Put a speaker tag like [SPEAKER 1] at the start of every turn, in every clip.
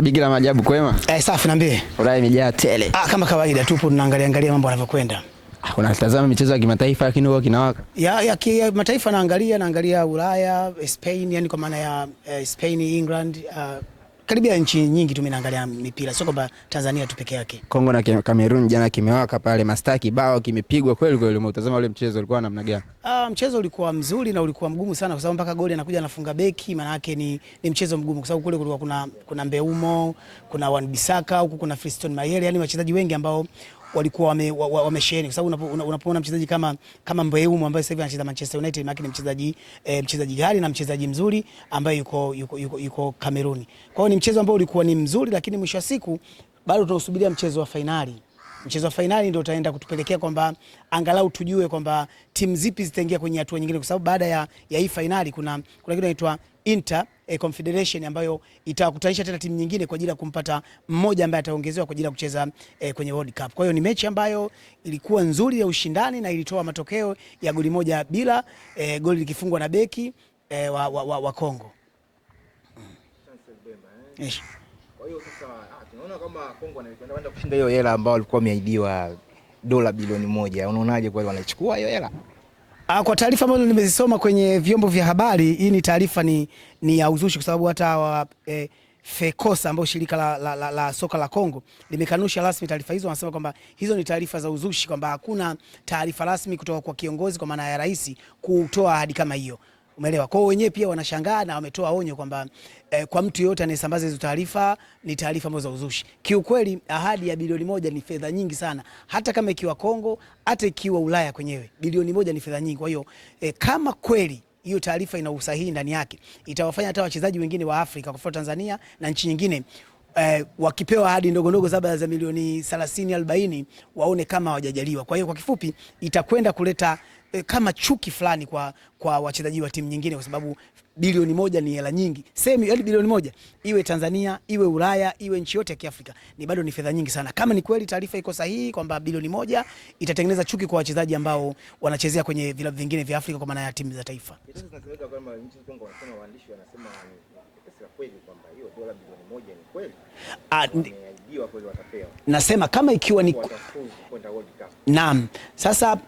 [SPEAKER 1] Shabiki la maajabu kwema?
[SPEAKER 2] Eh, safi niambie.
[SPEAKER 1] Ulaya imejaa tele.
[SPEAKER 2] Ah, kama kawaida tupo tunaangalia angalia mambo yanavyokwenda.
[SPEAKER 1] Ah, unatazama michezo ya kimataifa lakini huwa kinawaka.
[SPEAKER 2] Ya ya kimataifa naangalia naangalia Ulaya, Spain yani kwa maana ya eh, Spain, England, uh, karibu ya nchi nyingi tu mipira, sio kwamba Tanzania tu peke yake.
[SPEAKER 1] Kongo na Kamerun jana kimewaka pale, mastaki bao kimepigwa kweli kweli. Umetazama ule mchezo ulikuwa namna gani?
[SPEAKER 2] Ah, mchezo ulikuwa mzuri na ulikuwa mgumu sana, kwa sababu mpaka goli anakuja anafunga beki, maana yake ni, ni mchezo mgumu, kwa sababu kule kulikuwa kuna kuna Mbeumo, kuna Wan Bisaka, huku kuna Fiston Mayele, yani wachezaji wengi ambao walikuwa wamesheheni, kwa sababu unapoona mchezaji kama kama Mbeumo ambaye sasa hivi anacheza Manchester United, maana ni mchezaji e, mchezaji gari na mchezaji mzuri ambaye yuko yuko, yuko, yuko Kameruni. Kwa hiyo ni mchezo ambao ulikuwa ni mzuri, lakini mwisho wa siku bado tunasubiria mchezo wa fainali mchezo wa fainali ndio utaenda kutupelekea kwamba angalau tujue kwamba timu zipi zitaingia kwenye hatua nyingine, kwa sababu baada ya, ya hii fainali kuna, kuna kitu inaitwa Inter eh, Confederation ambayo itawakutanisha tena timu nyingine kwa ajili ya kumpata mmoja ambaye ataongezewa kwa ajili ya kucheza eh, kwenye World Cup. Kwa hiyo ni mechi ambayo ilikuwa nzuri ya ushindani na ilitoa matokeo ya goli moja bila eh, goli likifungwa na beki eh, wa, wa, wa, wa Kongo. Mm. Eh. Yes.
[SPEAKER 1] Unaona kama Kongo anaenda kushinda hiyo hela ambayo walikuwa wameahidiwa dola bilioni moja, unaonaje kweli wanaichukua hiyo hela?
[SPEAKER 2] Ah, kwa taarifa ambazo nimezisoma kwenye vyombo vya habari, hii ni taarifa ni, ni ya uzushi kwa sababu hata wa, eh, Fekosa ambayo shirika la, la, la, la soka la Kongo limekanusha rasmi taarifa hizo. Wanasema kwamba hizo ni taarifa za uzushi, kwamba hakuna taarifa rasmi kutoka kwa kiongozi kwa maana ya rais kutoa ahadi kama hiyo. Umeelewa? Kwao wenyewe pia wanashangaa na wametoa onyo kwamba eh, kwa mtu yoyote anayesambaza hizo taarifa ni taarifa ambazo za uzushi. Kiukweli ahadi ya bilioni moja ni fedha nyingi sana, hata kama ikiwa Kongo, hata ikiwa Ulaya kwenyewe bilioni moja ni fedha nyingi. Kwa hiyo eh, kama kweli hiyo taarifa ina usahihi ndani yake, itawafanya hata wachezaji wengine wa Afrika kwa mfano Tanzania na nchi nyingine Eh, wakipewa ahadi ndogo ndogo labda za milioni 30 40 waone kama hawajajaliwa. Kwa hiyo kwa kifupi itakwenda kuleta Eh, kama chuki fulani kwa, kwa wachezaji wa timu nyingine, kwa sababu bilioni moja ni hela nyingi. Semi yaani bilioni moja iwe Tanzania iwe Ulaya iwe nchi yote ya Kiafrika ni bado ni fedha nyingi sana. Kama ni kweli taarifa iko sahihi kwamba bilioni moja itatengeneza chuki kwa wachezaji ambao wanachezea kwenye vilabu vingine vya Afrika kwa maana ya timu za taifa. Ah, nasema kama ikiwa ni naam, sasa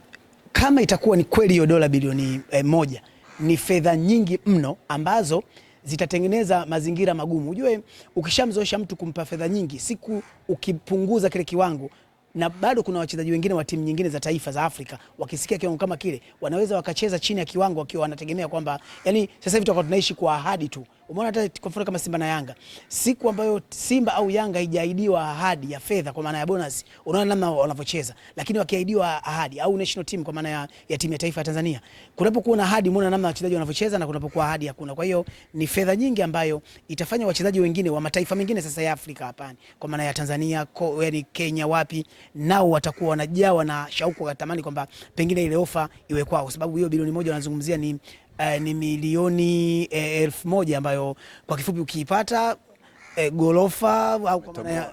[SPEAKER 2] kama itakuwa ni kweli hiyo dola bilioni eh, moja ni fedha nyingi mno ambazo zitatengeneza mazingira magumu. Ujue ukishamzoesha mtu kumpa fedha nyingi, siku ukipunguza kile kiwango na bado kuna wachezaji wengine wa timu nyingine za taifa za Afrika wakisikia kiwango kama kile wanaweza wakacheza chini ya kiwango wakiwa wanategemea kwamba yani, sasa hivi tutakuwa tunaishi kwa ahadi tu. Umeona hata kwa mfano kama Simba na Yanga, siku ambayo Simba au Yanga haijaahidiwa ahadi ya fedha kwa maana ya bonus, unaona namna wanavyocheza. Lakini wakiahidiwa ahadi au national team kwa maana ya, ya timu ya taifa ya Tanzania, kunapokuwa na ahadi, unaona namna wachezaji wanavyocheza na kunapokuwa ahadi hakuna. Kwa hiyo ni fedha nyingi ambayo itafanya wachezaji wengine wa mataifa mengine sasa ya Afrika hapana, kwa maana ya Tanzania, ko, yani Kenya wapi, nao watakuwa wanajawa na shauku, wakatamani kwamba pengine ile ofa iwe kwao, sababu hiyo bilioni moja wanazungumzia ni eh, ni milioni eh, elfu moja ambayo kwa kifupi ukiipata eh, gorofa au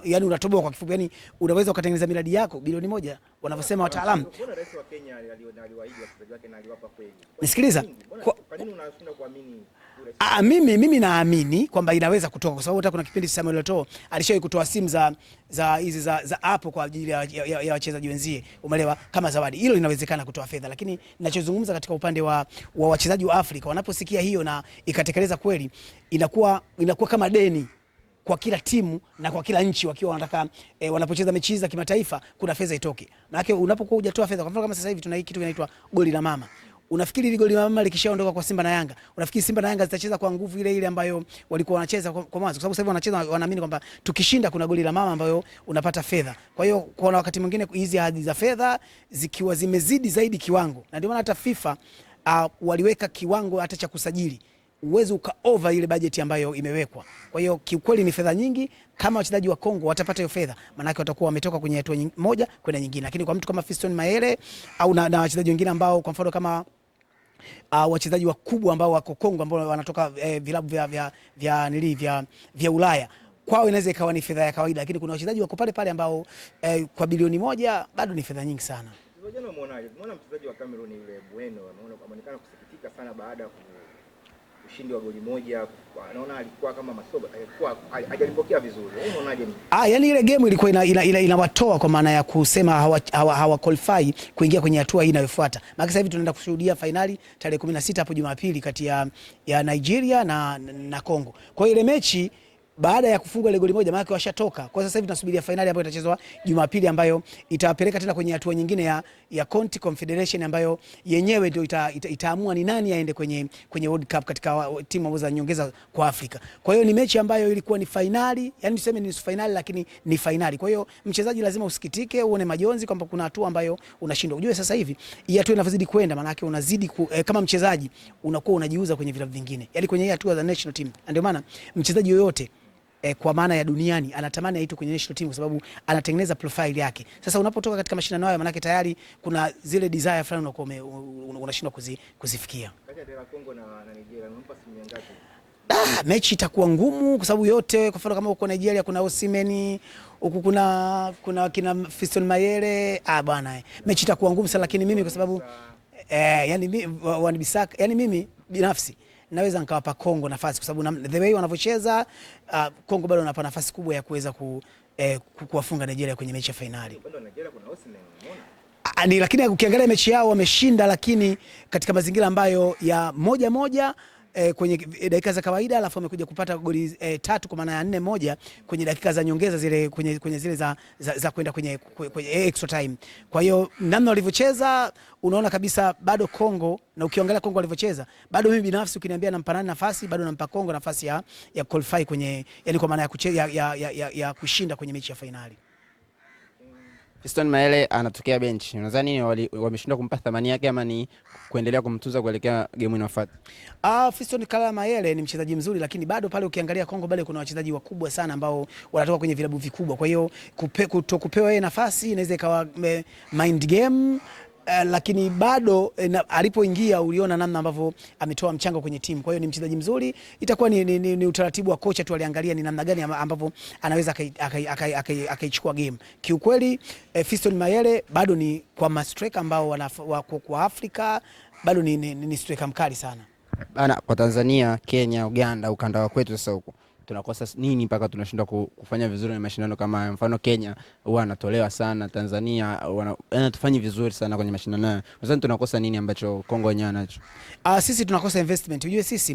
[SPEAKER 2] yani unatoboa kwa kifupi, yani unaweza ukatengeneza miradi yako bilioni moja wanavyosema wataalamu. Nisikiliza. Kwa nini unashindwa kuamini? Ah, ah, mimi mimi naamini kwamba inaweza kutoka kwa sababu hata kuna kipindi Samuel Eto'o alishawahi kutoa simu za za hizi za, za Apple kwa ajili ya, ya, ya wachezaji wenzie, umeelewa, kama zawadi. Hilo linawezekana kutoa fedha, lakini ninachozungumza katika upande wa, wa wachezaji wa Afrika wanaposikia hiyo na ikatekeleza kweli, inakuwa inakuwa kama deni kwa kila timu na kwa kila nchi wakiwa wanataka e, wanapocheza mechi za kimataifa kuna fedha itoke. Maana unapokuwa hujatoa fedha, kwa mfano kama sasa hivi tuna hiki kitu kinaitwa goli la mama Unafikiri goli mama likishaondoka kwa Simba na Yanga, unafikiri Simba na Yanga zitacheza kwa nguvu ile ile ambayo walikuwa wanacheza kwa mwanzo? Kwa sababu sasa hivi wanacheza wanaamini kwamba tukishinda kuna goli la mama ambayo unapata fedha. Kwa hiyo kuna wakati mwingine hizi ahadi za fedha zikiwa zimezidi zaidi kiwango, na ndio maana hata FIFA uh, waliweka kiwango hata cha kusajili uwezo uka over ile bajeti ambayo imewekwa. Kwa hiyo kiukweli ni fedha nyingi. Kama wachezaji wa Kongo watapata hiyo fedha, maanake watakuwa wametoka kwenye hatua moja kwenda nyingine. Lakini kwa mtu kama Fiston Mayele au na, na wachezaji wengine ambao kwa mfano kama uh, wachezaji wakubwa ambao wako Kongo ambao wanatoka eh, vilabu vya, vya, vya, nili, vya, vya Ulaya kwao inaweza ikawa ni fedha ya kawaida, lakini kuna wachezaji wako pale pale ambao eh, kwa bilioni moja bado ni fedha nyingi sana. Jana umeonaje? Umeona mchezaji wa Cameroon yule Bueno ameonekana kusikitika sana baada ya ushindi wa goli moja, anaona alikuwa kama Masoba alikuwa hajalipokea vizuri. unaonaje? Ah, yani ile game ilikuwa inawatoa ina, ina, ina kwa maana ya kusema hawa, hawa, qualify kuingia kwenye hatua hii inayofuata. Maana sasa hivi tunaenda kushuhudia fainali tarehe 16 hapo Jumapili kati ya, ya Nigeria na na Kongo. Kwa ile mechi baada ya kufungwa ile goli moja, maana washatoka kwa sasa hivi. Tunasubiria fainali ambayo itachezwa Jumapili, ambayo itawapeleka tena kwenye hatua nyingine ya, ya Conti Confederation ambayo yenyewe ndio ita, ita, itaamua ni nani aende kwenye, kwenye World Cup katika uh, timu ambazo za nyongeza kwa Afrika. Kwa hiyo ni mechi ambayo ilikuwa ni fainali, yani tuseme ni nusu fainali, lakini ni fainali. Kwa hiyo mchezaji lazima usikitike, uone majonzi kwamba kuna hatua ambayo unashindwa. Ujue sasa hivi hii hatua inavyozidi kwenda, maana yake unazidi ku, eh, kama mchezaji unakuwa unajiuza kwenye vilabu vingine, Yaani kwenye hii hatua za national team, ndio maana mchezaji yoyote eh, kwa maana ya duniani anatamani aitwe kwenye national team kwa sababu anatengeneza profile yake. Sasa unapotoka katika mashindano hayo, maana tayari kuna zile desire fulani unakuwa unashindwa kuzi, kuzifikia. Ah, mechi itakuwa ngumu kwa sababu yote, kwa mfano kama uko Nigeria kuna Osimeni huku kuna kuna kina Fiston Mayele ah, bwana eh, mechi itakuwa ngumu sana, lakini mimi kwa sababu eh, yani, yani mimi binafsi naweza nikawapa Kongo nafasi kwa sababu the way wanavyocheza uh, Kongo bado wanapa nafasi kubwa ya kuweza ku, eh, kuwafunga Nigeria kwenye mechi ya fainali ah, ah, lakini ukiangalia mechi yao wameshinda, lakini katika mazingira ambayo ya moja moja eh, kwenye dakika za kawaida alafu amekuja kupata goli eh, tatu kwa maana ya nne moja kwenye dakika za nyongeza zile kwenye, kwenye zile za, za, za kwenda kwenye, kwenye, kwenye extra time. Kwa hiyo namna walivyocheza unaona kabisa bado Kongo, na ukiangalia Kongo walivyocheza bado, mimi binafsi ukiniambia nampa nani nafasi, bado nampa Kongo nafasi ya, ya qualify kwenye yani kwa maana ya, ya, ya, ya, ya kushinda kwenye mechi ya fainali.
[SPEAKER 1] Fiston Maele anatokea benchi. Unadhani wameshindwa kumpa thamani yake ama ni kuendelea kumtuza kuelekea game inayofuata.
[SPEAKER 2] Ah, Fiston Kala Maele ni mchezaji mzuri lakini bado pale ukiangalia Kongo bado kuna wachezaji wakubwa sana ambao wanatoka kwenye vilabu vikubwa. Kwa hiyo kutokupewa yeye nafasi inaweza ikawa eh, mind game Uh, lakini bado eh, alipoingia uliona namna ambavyo ametoa mchango kwenye timu. Kwa hiyo ni mchezaji mzuri, itakuwa ni, ni, ni, ni utaratibu wa kocha tu, aliangalia ni namna gani ambavyo anaweza akaichukua game. Kiukweli eh, Fiston Mayele bado ni kwa mastreka ambao wako kwa Afrika bado ni, ni, ni streka mkali sana bana
[SPEAKER 1] kwa Tanzania, Kenya, Uganda, ukanda wa kwetu sasa huko tunakosa nini mpaka tunashindwa kufanya vizuri na mashindano kama haya? Mfano Kenya huwa anatolewa sana, Tanzania anatufanyi vizuri sana kwenye mashindano haya. Nadhani tunakosa nini ambacho Kongo wenyewe anacho?
[SPEAKER 2] Uh, ah, sisi tunakosa investment. Unajua sisi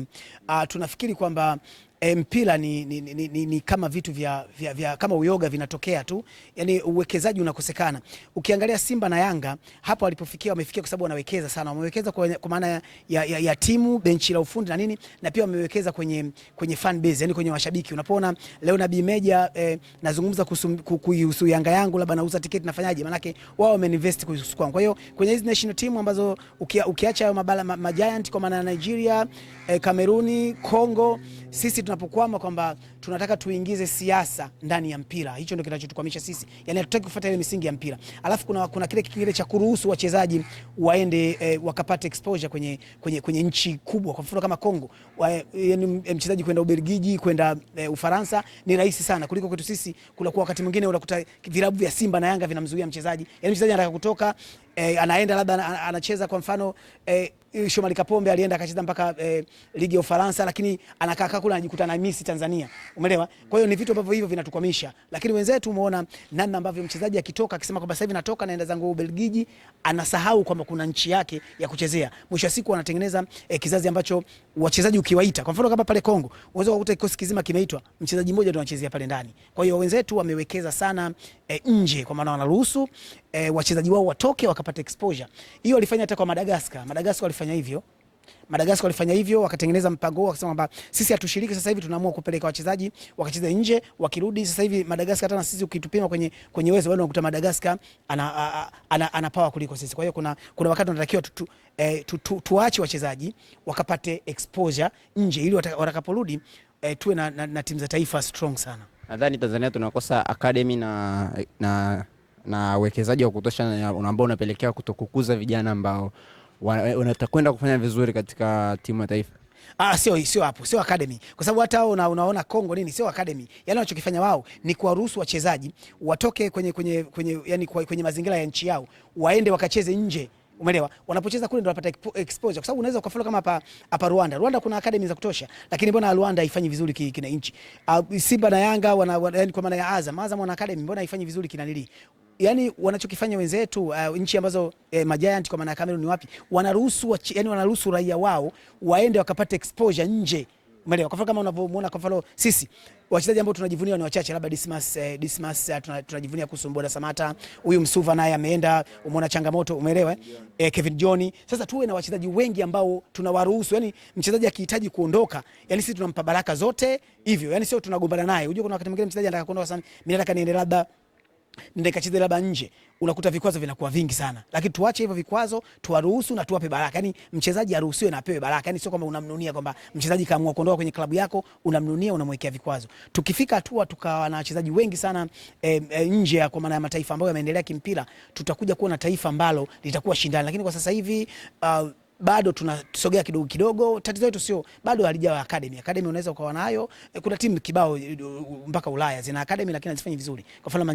[SPEAKER 2] uh, tunafikiri kwamba Eh, mpira ni, ni, ni, ni, ni kama vitu vya, vya, vya kama uyoga vinatokea tu, yani uwekezaji unakosekana. Ukiangalia Simba na Yanga hapo walipofikia, wamefikia kwa sababu wanawekeza sana, wamewekeza kwa maana ya, ya, ya timu, benchi la ufundi na nini, na pia wamewekeza kwenye, kwenye fan base, yani kwenye washabiki. Unapoona leo Nabii Meja eh, nazungumza kuhusu Yanga yangu, labda nauza tiketi nafanyaje, maanake wao wameinvest kuhusu kwangu. Kwa hiyo kwenye hizi national team ambazo ukiacha hayo mabala ma, ma giant kwa maana ya Nigeria, eh, Kameruni, eh, Kongo sisi tunapokwama kwamba tunataka tuingize siasa ndani ya mpira, hicho ndio kinachotukwamisha sisi, yani hatutaki kufuata ile misingi ya mpira. Alafu kuna, kuna kile kitu kile cha kuruhusu wachezaji waende eh, wakapate exposure kwenye, kwenye, kwenye nchi kubwa, kwa mfano kama Kongo, yani eh, mchezaji kwenda Ubelgiji kwenda eh, Ufaransa ni rahisi sana kuliko kwetu sisi. Kuna kwa wakati mwingine unakuta vilabu vya Simba na Yanga vinamzuia mchezaji, yani mchezaji anataka kutoka eh, anaenda labda anacheza kwa mfano eh, Eh, Shomari Kapombe alienda akacheza mpaka e, ligi ya Ufaransa, lakini anakaa kaka kule anajikuta na Miss Tanzania, umeelewa? Kwa hiyo ni vitu ambavyo hivyo vinatukwamisha, lakini wenzetu umeona namna ambavyo mchezaji akitoka akisema kwamba sasa hivi natoka naenda zangu Ubelgiji, anasahau kwamba kuna nchi yake ya kuchezea. Mwisho wa siku anatengeneza e, kizazi ambacho wachezaji ukiwaita, kwa mfano kama pale Kongo, unaweza kukuta kikosi kizima kimeitwa, mchezaji mmoja ndio anachezea pale ndani. Kwa hiyo wenzetu wamewekeza sana e, nje, kwa maana wanaruhusu e, wachezaji wao watoke wakapata exposure. Hiyo alifanya hata kwa Madagascar. Madagascar alifanya walifanya hivyo Madagascar walifanya hivyo, wakatengeneza mpango huo, wakasema kwamba sisi hatushiriki sasa hivi, tunaamua kupeleka wachezaji wakacheza nje, wakirudi. Sasa hivi Madagascar, hata na sisi ukitupima kwenye kwenye uwezo wao, unakuta Madagascar ana, ana, ana, ana power kuliko sisi. Kwa hiyo kuna kuna wakati tunatakiwa tu, tu, eh, tu, tu, tuache wachezaji wakapate exposure nje ili watakaporudi eh, tuwe na, na, na timu za taifa strong sana.
[SPEAKER 1] Nadhani Tanzania tunakosa academy na na na uwekezaji wa kutosha ambao unapelekea kutokukuza vijana ambao wanatakwenda kufanya vizuri katika timu ya taifa?
[SPEAKER 2] Ah, sio sio hapo, sio academy. Kwa sababu hata wao una, unaona Kongo nini, sio academy. Yaani wanachokifanya wao ni kuwaruhusu wachezaji watoke kwenye kwenye kwenye yani kwenye mazingira ya nchi yao, waende wakacheze nje. Umeelewa? Wanapocheza kule ndio wanapata exposure kwa sababu unaweza ukafolo kama hapa hapa Rwanda. Rwanda kuna academy za kutosha, lakini mbona Rwanda haifanyi vizuri ki, kina nchi? Uh, Simba na Yanga wana, wana, yani kwa maana ya Azam, Azam wana academy mbona haifanyi vizuri kina nili? yani wanachokifanya wenzetu uh, nchi ambazo eh, majiant kwa maana ya Cameroon ni wapi, wanaruhusu wa, yani wanaruhusu raia wao waende wakapate exposure nje Umeelewa? Kwa mfano kama unavyomuona kwa mfano sisi wachezaji ambao tunajivunia ni wachache, labda Dismas eh, Dismas eh, tunajivunia kuhusu Mbona Samata, huyu Msuva naye ameenda, umeona changamoto, umeelewa eh? Eh, Kevin John. Sasa tuwe na wachezaji wengi ambao tunawaruhusu, yani mchezaji akihitaji kuondoka, yani sisi tunampa baraka zote hivyo, yani sio tunagombana naye. Unajua kuna wakati mwingine mchezaji anataka kuondoka sana, mimi nataka niende labda nenda labda nje, unakuta vikwazo vinakuwa vingi sana, lakini tuache hivyo vikwazo, tuwaruhusu na tuwape baraka. Yani mchezaji aruhusiwe na apewe baraka, yani sio kwamba unamnunia kwamba mchezaji kaamua kuondoka kwenye klabu yako, unamnunia unamwekea vikwazo. Tukifika hatua tukawa na wachezaji wengi sana e, e, nje ya kwa maana ya mataifa ambayo yameendelea kimpira, tutakuja kuwa na taifa ambalo litakuwa shindani, lakini kwa sasa hivi uh, bado tunasogea kidogo kidogo. Tatizo letu sio bado halijawa academy. Academy unaweza ukawa nayo, eh, kuna timu kibao mpaka Ulaya zina academy lakini hazifanyi vizuri, kwa mfano